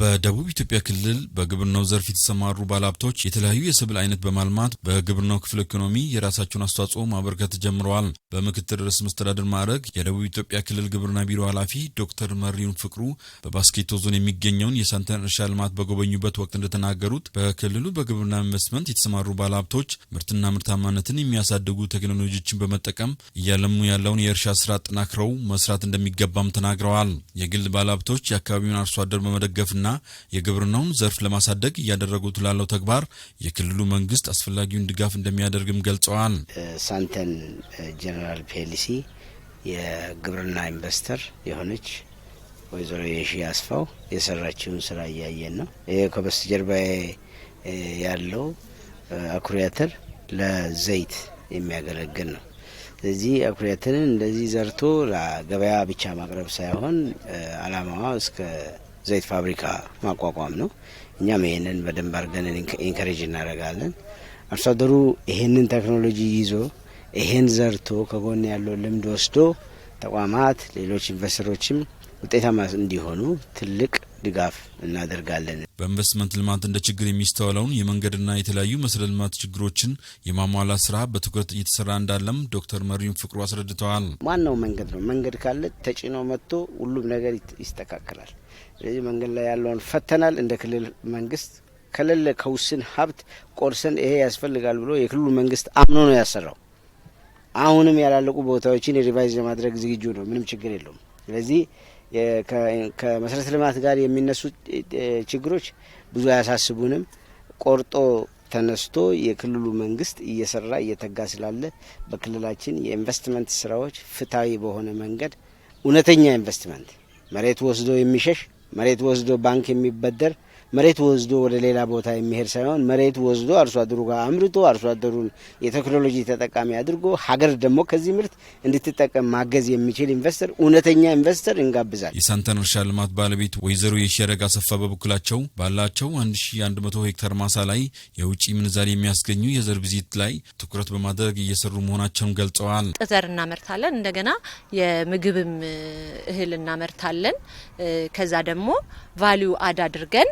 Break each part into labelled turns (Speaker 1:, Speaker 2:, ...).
Speaker 1: በደቡብ ኢትዮጵያ ክልል በግብርናው ዘርፍ የተሰማሩ ባለሀብቶች የተለያዩ የሰብል አይነት በማልማት በግብርናው ክፍለ ኢኮኖሚ የራሳቸውን አስተዋጽኦ ማበርከት ጀምረዋል። በምክትል ርዕሰ መስተዳድር ማዕረግ የደቡብ ኢትዮጵያ ክልል ግብርና ቢሮ ኃላፊ ዶክተር መሪውን ፍቅሩ በባስኬቶ ዞን የሚገኘውን የሳንተን እርሻ ልማት በጎበኙበት ወቅት እንደተናገሩት በክልሉ በግብርና ኢንቨስትመንት የተሰማሩ ባለሀብቶች ምርትና ምርታማነትን የሚያሳድጉ ቴክኖሎጂዎችን በመጠቀም እያለሙ ያለውን የእርሻ ስራ አጠናክረው መስራት እንደሚገባም ተናግረዋል። የግል ባለሀብቶች የአካባቢውን አርሶ አደር በመደገፍና እና የግብርናውን ዘርፍ ለማሳደግ እያደረጉት ላለው ተግባር የክልሉ መንግስት አስፈላጊውን ድጋፍ እንደሚያደርግም ገልጸዋል።
Speaker 2: ሳንተን ጀነራል ፔሊሲ የግብርና ኢንቨስተር የሆነች ወይዘሮ የሺ አስፋው የሰራችውን ስራ እያየን ነው። ይህ ከበስተጀርባ ያለው አኩሪ አተር ለዘይት የሚያገለግል ነው። ስለዚህ አኩሪ አተርን እንደዚህ ዘርቶ ለገበያ ብቻ ማቅረብ ሳይሆን አላማዋ እስከ ዘይት ፋብሪካ ማቋቋም ነው። እኛም ይህንን በደንብ አድርገን ኢንከሬጅ እናደርጋለን። አርሶ አደሩ ይህንን ቴክኖሎጂ ይዞ ይህን ዘርቶ ከጎን ያለው ልምድ ወስዶ ተቋማት፣ ሌሎች ኢንቨስተሮችም ውጤታማ እንዲሆኑ ትልቅ ድጋፍ እናደርጋለን።
Speaker 1: በኢንቨስትመንት ልማት እንደ ችግር የሚስተዋለውን የመንገድና የተለያዩ መሰረተ ልማት ችግሮችን የማሟላት ስራ በትኩረት እየተሰራ እንዳለም ዶክተር መሪም ፍቅሩ አስረድተዋል።
Speaker 2: ዋናው መንገድ ነው። መንገድ ካለ ተጭኖ መጥቶ ሁሉም ነገር ይስተካከላል። ስለዚህ መንገድ ላይ ያለውን ፈተናል። እንደ ክልል መንግስት ከሌለ ከውስን ሀብት ቆርሰን ይሄ ያስፈልጋል ብሎ የክልሉ መንግስት አምኖ ነው ያሰራው። አሁንም ያላለቁ ቦታዎችን የሪቫይዝ ለማድረግ ዝግጁ ነው። ምንም ችግር የለውም። ስለዚህ ከመሰረተ ልማት ጋር የሚነሱ ችግሮች ብዙ አያሳስቡንም። ቆርጦ ተነስቶ የክልሉ መንግስት እየሰራ እየተጋ ስላለ በክልላችን የኢንቨስትመንት ስራዎች ፍትሐዊ በሆነ መንገድ እውነተኛ ኢንቨስትመንት መሬት ወስዶ የሚሸሽ መሬት ወስዶ ባንክ የሚበደር መሬት ወስዶ ወደ ሌላ ቦታ የሚሄድ ሳይሆን መሬት ወስዶ አርሶ አደሩ ጋር አምርቶ አርሶ አደሩን የቴክኖሎጂ ተጠቃሚ አድርጎ ሀገር ደግሞ ከዚህ ምርት እንድትጠቀም ማገዝ የሚችል ኢንቨስተር፣ እውነተኛ ኢንቨስተር እንጋብዛል።
Speaker 1: የሳንተን እርሻ ልማት ባለቤት ወይዘሮ የሸረግ አሰፋ በበኩላቸው ባላቸው 1100 ሄክታር ማሳ ላይ የውጭ ምንዛሪ የሚያስገኙ የዘር ብዜት ላይ ትኩረት በማድረግ እየሰሩ መሆናቸውን ገልጸዋል።
Speaker 3: ጥዘር እናመርታለን፣ እንደገና የምግብም እህል እናመርታለን። ከዛ ደግሞ ቫሊዩ አድ አድርገን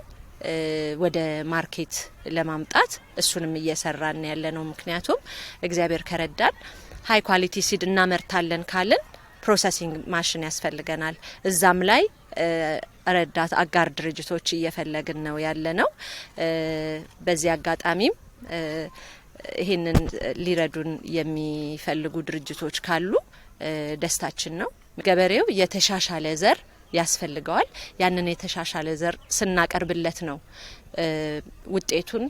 Speaker 3: ወደ ማርኬት ለማምጣት እሱንም እየሰራን ያለ ነው። ምክንያቱም እግዚአብሔር ከረዳን ሀይ ኳሊቲ ሲድ እናመርታለን ካልን ፕሮሰሲንግ ማሽን ያስፈልገናል። እዛም ላይ ረዳት አጋር ድርጅቶች እየፈለግን ነው ያለ ነው። በዚህ አጋጣሚም ይህንን ሊረዱን የሚፈልጉ ድርጅቶች ካሉ ደስታችን ነው። ገበሬው የተሻሻለ ዘር ያስፈልገዋል። ያንን የተሻሻለ ዘር ስናቀርብለት ነው ውጤቱን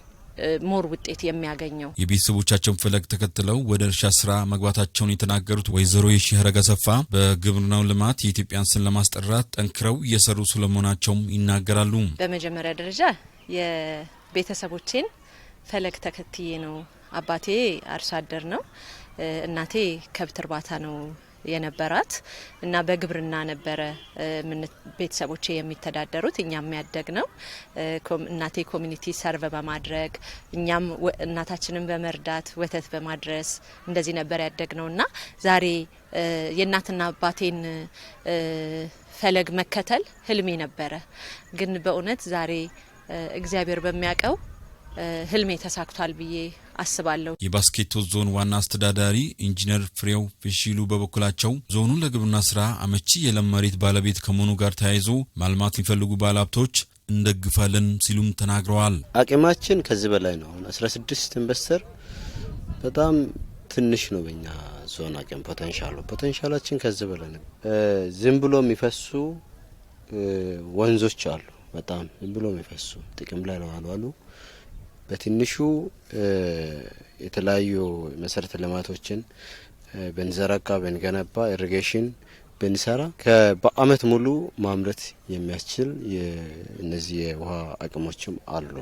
Speaker 3: ሞር ውጤት የሚያገኘው
Speaker 1: የቤተሰቦቻቸውን ፈለግ ተከትለው ወደ እርሻ ስራ መግባታቸውን የተናገሩት ወይዘሮ የሺህ ረገሰፋ በግብርናው ልማት የኢትዮጵያን ስም ለማስጠራት ጠንክረው እየሰሩ ስለመሆናቸውም ይናገራሉ።
Speaker 3: በመጀመሪያ ደረጃ የቤተሰቦቼን ፈለግ ተከትዬ ነው። አባቴ አርሶ አደር ነው። እናቴ ከብት እርባታ ነው የነበራት እና በግብርና ነበረ ቤተሰቦች የሚተዳደሩት። እኛም ያደግ ነው እናቴ ኮሚኒቲ ሰርቭ በማድረግ እኛም እናታችንን በመርዳት ወተት በማድረስ እንደዚህ ነበር ያደግ ነው እና ዛሬ የእናትና አባቴን ፈለግ መከተል ህልሜ ነበረ። ግን በእውነት ዛሬ እግዚአብሔር በሚያውቀው ህልሜ ተሳክቷል ብዬ አስባለሁ።
Speaker 1: የባስኬቶ ዞን ዋና አስተዳዳሪ ኢንጂነር ፍሬው ፌሺሉ በበኩላቸው ዞኑ ለግብርና ስራ አመቺ የለም መሬት ባለቤት ከመሆኑ ጋር ተያይዞ ማልማት የሚፈልጉ ባለሀብቶች እንደግፋለን ሲሉም ተናግረዋል።
Speaker 4: አቅማችን ከዚህ በላይ ነው። አሁን 16 ኢንቨስተር በጣም ትንሽ ነው። በኛ ዞን አቅም ፖቴንሻሉ ፖቴንሻላችን ከዚህ በላይ ነው። ዝም ብሎ የሚፈሱ ወንዞች አሉ። በጣም ዝም ብሎ የሚፈሱ ጥቅም ላይ ነው አሉ አሉ በትንሹ የተለያዩ መሰረተ ልማቶችን ብንዘረጋ ብንገነባ ኢሪጌሽን ብንሰራ በአመት ሙሉ ማምረት የሚያስችል እነዚህ የውሃ አቅሞችም አሉ።